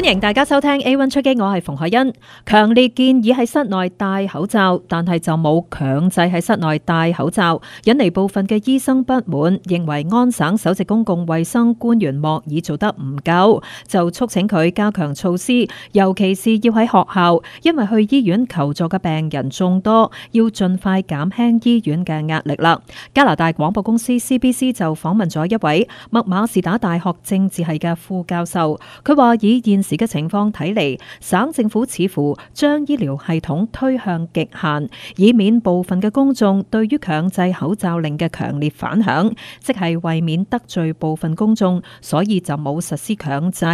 歡迎大家收聽 A One 出擊，我係馮海恩。強烈建議喺室內戴口罩，但係就冇強制喺室內戴口罩，引嚟部分嘅醫生不滿，認為安省首席公共衛生官員莫爾做得唔夠，就促請佢加強措施，尤其是要喺學校，因為去醫院求助嘅病人眾多，要盡快減輕醫院嘅壓力啦。加拿大廣播公司 CBC 就訪問咗一位麥馬士打大學政治系嘅副教授，佢話以現嘅情況睇嚟，省政府似乎將醫療系統推向極限，以免部分嘅公眾對於強制口罩令嘅強烈反響，即係為免得罪部分公眾，所以就冇實施強制。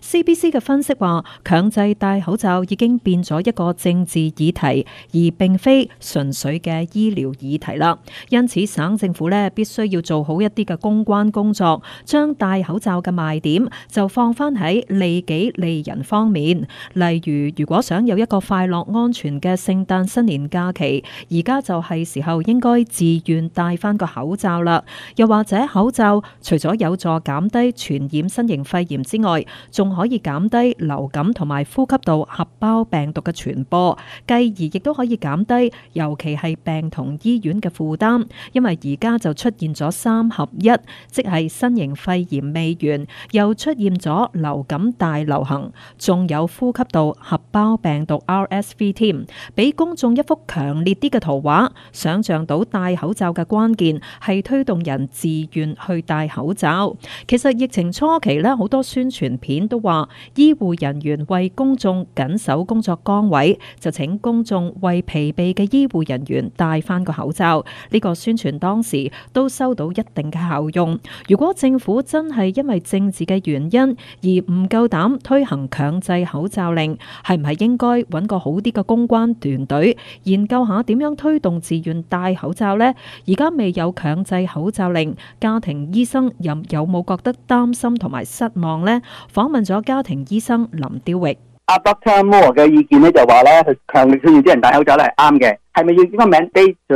CBC 嘅分析話，強制戴口罩已經變咗一個政治議題，而並非純粹嘅醫療議題啦。因此，省政府呢必須要做好一啲嘅公關工作，將戴口罩嘅賣點就放翻喺利己、利人方面，例如如果想有一個快樂、安全嘅聖誕、新年假期，而家就係時候應該自願戴翻個口罩啦。又或者口罩除咗有助減低傳染新型肺炎之外，仲可以減低流感同埋呼吸道合胞病毒嘅傳播，繼而亦都可以減低，尤其係病同醫院嘅負擔。因為而家就出現咗三合一，即係新型肺炎未完，又出現咗流感大浪。流行仲有呼吸道合胞病毒 RSV 添，俾公眾一幅強烈啲嘅圖畫，想象到戴口罩嘅關鍵係推動人自願去戴口罩。其實疫情初期咧，好多宣傳片都話，醫護人員為公眾緊守工作崗位，就請公眾為疲憊嘅醫護人員戴翻個口罩。呢、這個宣傳當時都收到一定嘅效用。如果政府真係因為政治嘅原因而唔夠膽。推行強制口罩令係唔係應該揾個好啲嘅公關團隊研究下點樣推動自願戴口罩呢？而家未有強制口罩令，家庭醫生又有有冇覺得擔心同埋失望呢？訪問咗家庭醫生林雕域，阿 Doctor Moore 嘅意見呢就話呢，佢強烈需要啲人戴口罩呢係啱嘅，係咪要呢個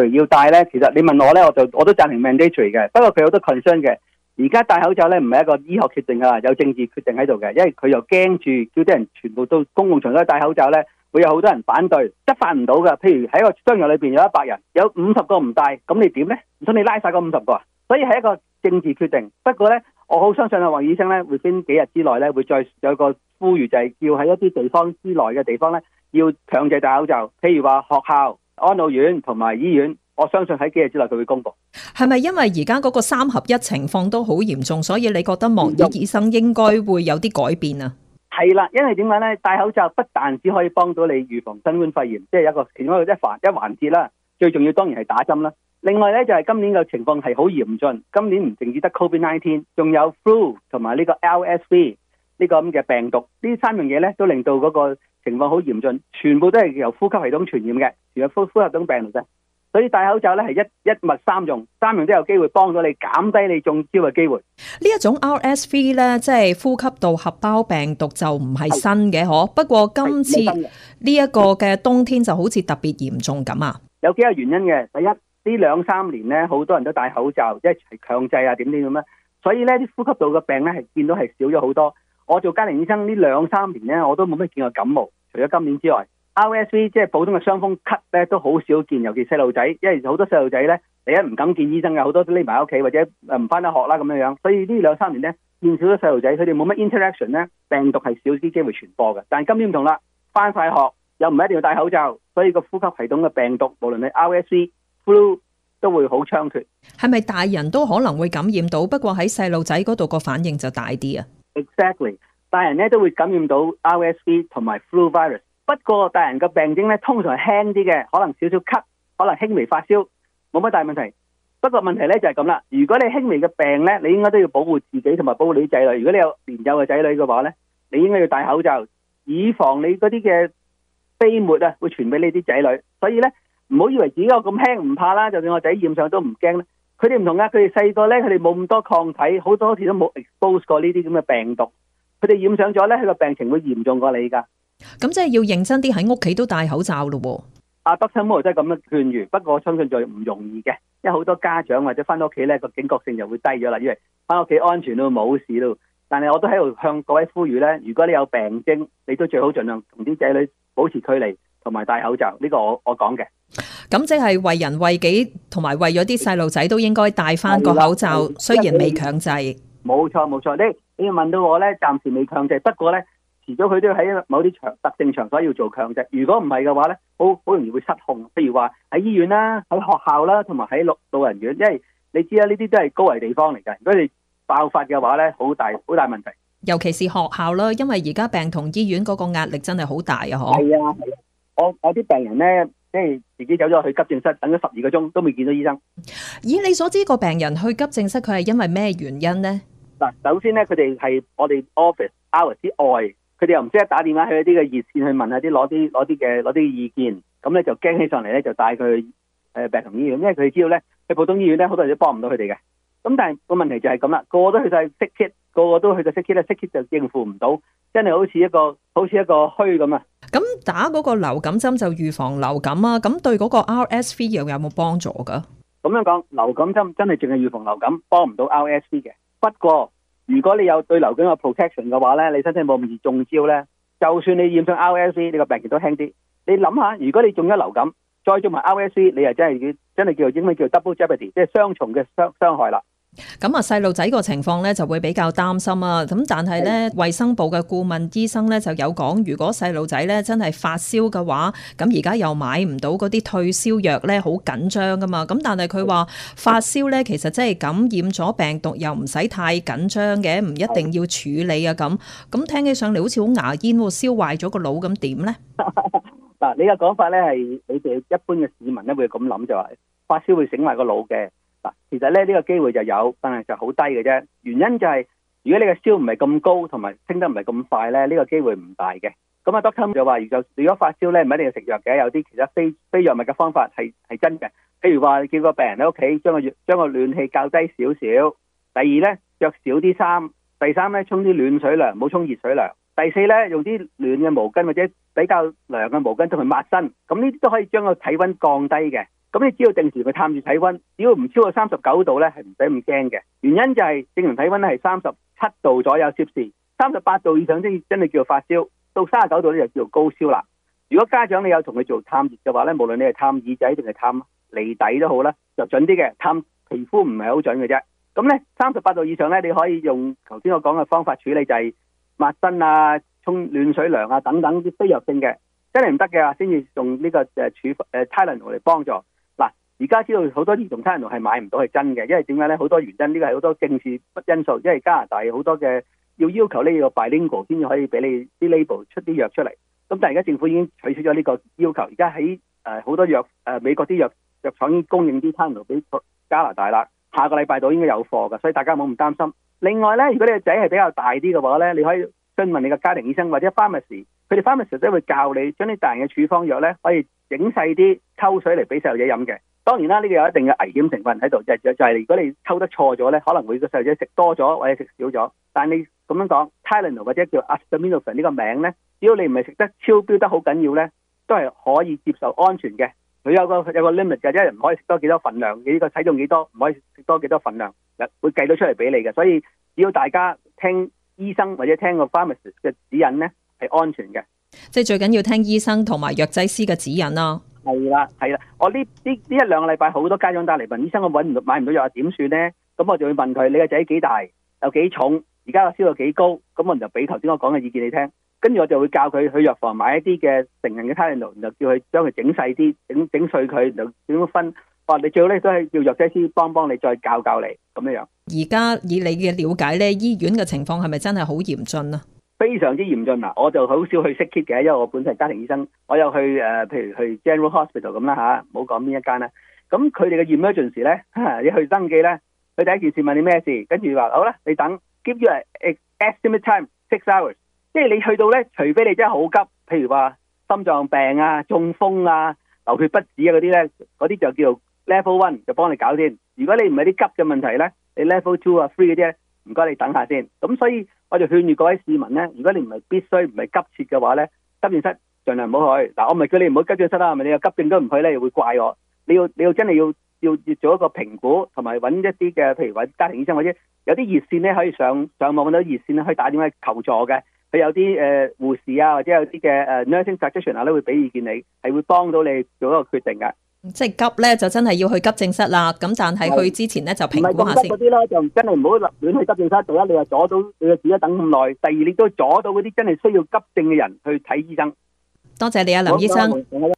mandatory 要戴呢？其實你問我呢，我就我都贊成 mandatory 嘅，不過佢有啲 concern 嘅。而家戴口罩咧，唔係一個醫學決定㗎喇，有政治決定喺度嘅，因為佢又驚住叫啲人全部到公共場所戴口罩咧，會有好多人反對，執法唔到嘅。譬如喺個商場裏邊有一百人，有五十個唔戴，咁你點咧？唔通你拉晒嗰五十個啊？所以係一個政治決定。不過咧，我好相信阿黃醫生咧會喺幾日之內咧會再有個呼籲，就係叫喺一啲地方之內嘅地方咧，要強制戴口罩。譬如話學校、安老院同埋醫院。我相信喺幾日之內佢會公布。係咪因為而家嗰個三合一情況都好嚴重，所以你覺得莫醫生應該會有啲改變啊？係、嗯、啦，因為點解咧？戴口罩不但只可以幫到你預防新冠肺炎，即係一個其中一個一環一環節啦。最重要當然係打針啦。另外咧就係、是、今年嘅情況係好嚴峻。今年唔淨止得 Covid nineteen，仲有 flu 同埋呢個 L S V 呢個咁嘅病毒。呢三樣嘢咧都令到嗰個情況好嚴峻。全部都係由呼吸系統傳染嘅，全部呼呼吸等病毒啫。所以戴口罩咧係一一物三用，三用都有機會幫到你減低你中招嘅機會。呢一種 RSV 咧，即係呼吸道合胞病毒就唔係新嘅嗬，不過今次呢一個嘅冬天就好似特別嚴重咁啊！有幾個原因嘅，第一呢兩三年咧，好多人都戴口罩，即係強制啊點點咁樣，所以咧啲呼吸道嘅病咧係見到係少咗好多。我做家庭醫生呢兩三年咧，我都冇咩見過感冒，除咗今年之外。RSV 即係普通嘅傷風咳咧，都好少見，尤其細路仔。因為好多細路仔咧，第一唔敢見醫生嘅，好多匿埋屋企或者唔翻得學啦咁樣樣。所以呢兩三年咧，見少咗細路仔，佢哋冇乜 interaction 咧，病毒係少啲機會傳播嘅。但係今年唔同啦，翻晒學又唔一定要戴口罩，所以個呼吸系統嘅病毒，無論係 RSV、flu 都會好猖獗。係咪大人都可能會感染到？不過喺細路仔嗰度個反應就大啲啊。Exactly，大人咧都會感染到 RSV 同埋 flu virus。不過大人嘅病徵咧，通常輕啲嘅，可能少少咳，可能輕微發燒，冇乜大問題。不過問題咧就係咁啦，如果你輕微嘅病咧，你應該都要保護自己同埋保護你啲仔女。如果你有年幼嘅仔女嘅話咧，你應該要戴口罩，以防你嗰啲嘅飛沫啊會傳俾你啲仔女。所以咧，唔好以為自己個咁輕唔怕啦，就算我仔染上都唔驚。佢哋唔同啊，佢哋細個咧，佢哋冇咁多抗體，好多次都冇 expose 過呢啲咁嘅病毒，佢哋染上咗咧，佢個病情會嚴重過你噶。咁即係要認真啲喺屋企都戴口罩咯。阿 doctor Mo 真係咁樣勸喻，不過我相信就唔容易嘅，因為好多家長或者翻屋企咧，個警覺性就會低咗啦，因為翻屋企安全都冇事咯。但係我都喺度向各位呼籲咧，如果你有病徵，你都最好盡量同啲仔女保持距離，同埋戴口罩。呢個我我講嘅。咁即係為人為己，同埋為咗啲細路仔都應該戴翻個口罩。雖然未強制，冇錯冇錯。你你要問到我咧，暫時未強制，不過咧。遲早佢都要喺某啲場特定場所要做強制，如果唔係嘅話咧，好好容易會失控。譬如話喺醫院啦、喺學校啦，同埋喺老老人院，因為你知啦，呢啲都係高危地方嚟噶。如果你爆發嘅話咧，好大好大問題。尤其是學校啦，因為而家病同醫院嗰個壓力真係好大啊！嗬。係啊，係啊，我我啲病人咧，即係自己走咗去急症室等咗十二個鐘都未見到醫生。以你所知，個病人去急症室佢係因為咩原因咧？嗱，首先咧，佢哋係我哋 office hours 之外。佢哋又唔識得打電話去一啲嘅熱線去問下啲攞啲攞啲嘅攞啲意見，咁咧就驚起上嚟咧就帶佢誒、呃、病童醫院，因為佢哋知道咧去普通醫院咧好多人都幫唔到佢哋嘅。咁但係個問題就係咁啦，個個都去曬社區，個個都去到社區咧，社區就應付唔到，真係好似一個好似一個虛咁啊！咁打嗰個流感針就預防流感啊，咁對嗰個 RSV 又有冇幫助噶？咁樣講流感針真係淨係預防流感，幫唔到 RSV 嘅。不過，如果你有對流感嘅 protection 嘅話咧，你身體冇咁易中招咧。就算你染上 RSV，你個病情都輕啲。你諗下，如果你中咗流感，再中埋 RSV，你又真係真係叫英文叫 double jeopardy，即係雙重嘅傷傷害啦。咁啊，細路仔個情況咧就會比較擔心啊。咁但係咧，衛生部嘅顧問醫生咧就有講，如果細路仔咧真係發燒嘅話，咁而家又買唔到嗰啲退燒藥咧，好緊張噶嘛。咁但係佢話發燒咧，其實真係感染咗病毒，又唔使太緊張嘅，唔一定要處理啊。咁咁聽起上嚟好似好牙煙，燒壞咗個腦咁點咧？嗱， 你嘅講法咧係你哋一般嘅市民咧會咁諗，就話發燒會醒埋個腦嘅。嗱，其實咧呢個機會就有，但係就好低嘅啫。原因就係、是、如果你嘅燒唔係咁高，同埋升得唔係咁快咧，呢、這個機會唔大嘅。咁啊，doctor 就話，如果發燒咧，唔一定要食藥嘅，有啲其他非非藥物嘅方法係係真嘅。譬如話叫個病人喺屋企將個將個暖氣較低少少。第二咧着少啲衫。第三咧沖啲暖水涼，唔好沖熱水涼。第四咧用啲暖嘅毛巾或者比較涼嘅毛巾同佢抹身，咁呢啲都可以將個體溫降低嘅。咁你只要定時去探熱體溫，只要唔超過三十九度咧，係唔使咁驚嘅。原因就係正常體溫係三十七度左右攝氏，三十八度以上先真係叫做發燒，到三十九度咧就叫做高燒啦。如果家長你有同佢做探熱嘅話咧，無論你係探耳仔定係探脷底都好啦，就準啲嘅。探皮膚唔係好準嘅啫。咁咧三十八度以上咧，你可以用頭先我講嘅方法處理，就係抹身啊、沖暖水涼啊等等啲非藥性嘅，真係唔得嘅先至用呢個誒處方誒差胺奴嚟幫助。而家知道好多兒童參茸係買唔到係真嘅，因為點解咧？好多原因，呢個係好多政治因素，因為加拿大好多嘅要要求呢個 bilingual 先至可以俾你啲 label 出啲藥出嚟。咁但係而家政府已經取消咗呢個要求，而家喺誒好多藥誒、呃、美國啲藥藥廠已經供應啲參茸俾加拿大啦。下個禮拜到應該有貨㗎，所以大家唔好咁擔心。另外咧，如果你個仔係比較大啲嘅話咧，你可以詢問你個家庭醫生或者 pharmacy，佢哋 pharmacy 都會教你將啲大人嘅處方藥咧可以整細啲抽水嚟俾細路仔飲嘅。當然啦，呢、這個有一定嘅危險成分喺度，就是、就係、是、如果你抽得錯咗咧，可能會個細路仔食多咗或者食少咗。但你咁樣講，Tylenol 或者叫 acetaminophen 呢個名呢，只要你唔係食得超標得好緊要呢，都係可以接受安全嘅。佢有個有個 limit 就一人唔可以食多幾多份量，你呢個體重幾多唔可以食多幾多份量，會計到出嚟俾你嘅。所以只要大家聽醫生或者聽個 pharmacist 嘅指引呢，係安全嘅。即係最緊要聽醫生同埋藥劑師嘅指引啦。係啦，係啦，我呢呢呢一兩個禮拜好多家長帶嚟問醫生，我搵唔到買唔到藥啊，點算咧？咁我就會問佢，你個仔幾大，有幾重，而家個燒到幾高，咁我就俾頭先我講嘅意見你聽，跟住我就會教佢去藥房買一啲嘅成人嘅泰諾，然後叫佢將佢整細啲，整整碎佢，然後點樣分。話你最好咧都係叫藥劑師幫幫你，再教教你咁樣樣。而家以你嘅了解咧，醫院嘅情況係咪真係好嚴峻啊？非常之嚴峻嗱，我就好少去識 kit 嘅，因為我本身係家庭醫生，我又去誒，譬如去 general hospital 咁啦，唔好講邊一間啦。咁佢哋嘅 emergency 時咧，你去登記咧，佢第一件事問你咩事，跟住話好啦，你等 give you a estimate time six hours，即係你去到咧，除非你真係好急，譬如話心臟病啊、中風啊、流血不止啊嗰啲咧，嗰啲就叫做 level one 就幫你搞先。如果你唔係啲急嘅問題咧，你 level two 啊 three 嘅啫，唔該你等下先。咁所以。我就勸喻各位市民咧，如果你唔係必須唔係急切嘅話咧，急症室儘量唔好去。嗱，我唔係叫你唔好急症室啦，係咪你又急症都唔去咧，又會怪我。你要你要真係要要要做一個評估，同埋揾一啲嘅，譬如揾家庭醫生或者有啲熱線咧，可以上上網揾到熱線咧，可以打電話求助嘅。佢有啲誒護士啊，或者有啲嘅 nursing practitioner 咧，會俾意見你，係會幫到你做一個決定嘅。即係急咧，就真係要去急症室啦。咁但係去之前咧，就評估下先。唔係急嗰啲咧，就真係唔好亂去急症室做啦。你又阻到你嘅自己等咁耐。第二，你都阻到嗰啲真係需要急症嘅人去睇醫生。多謝你啊，林醫生。我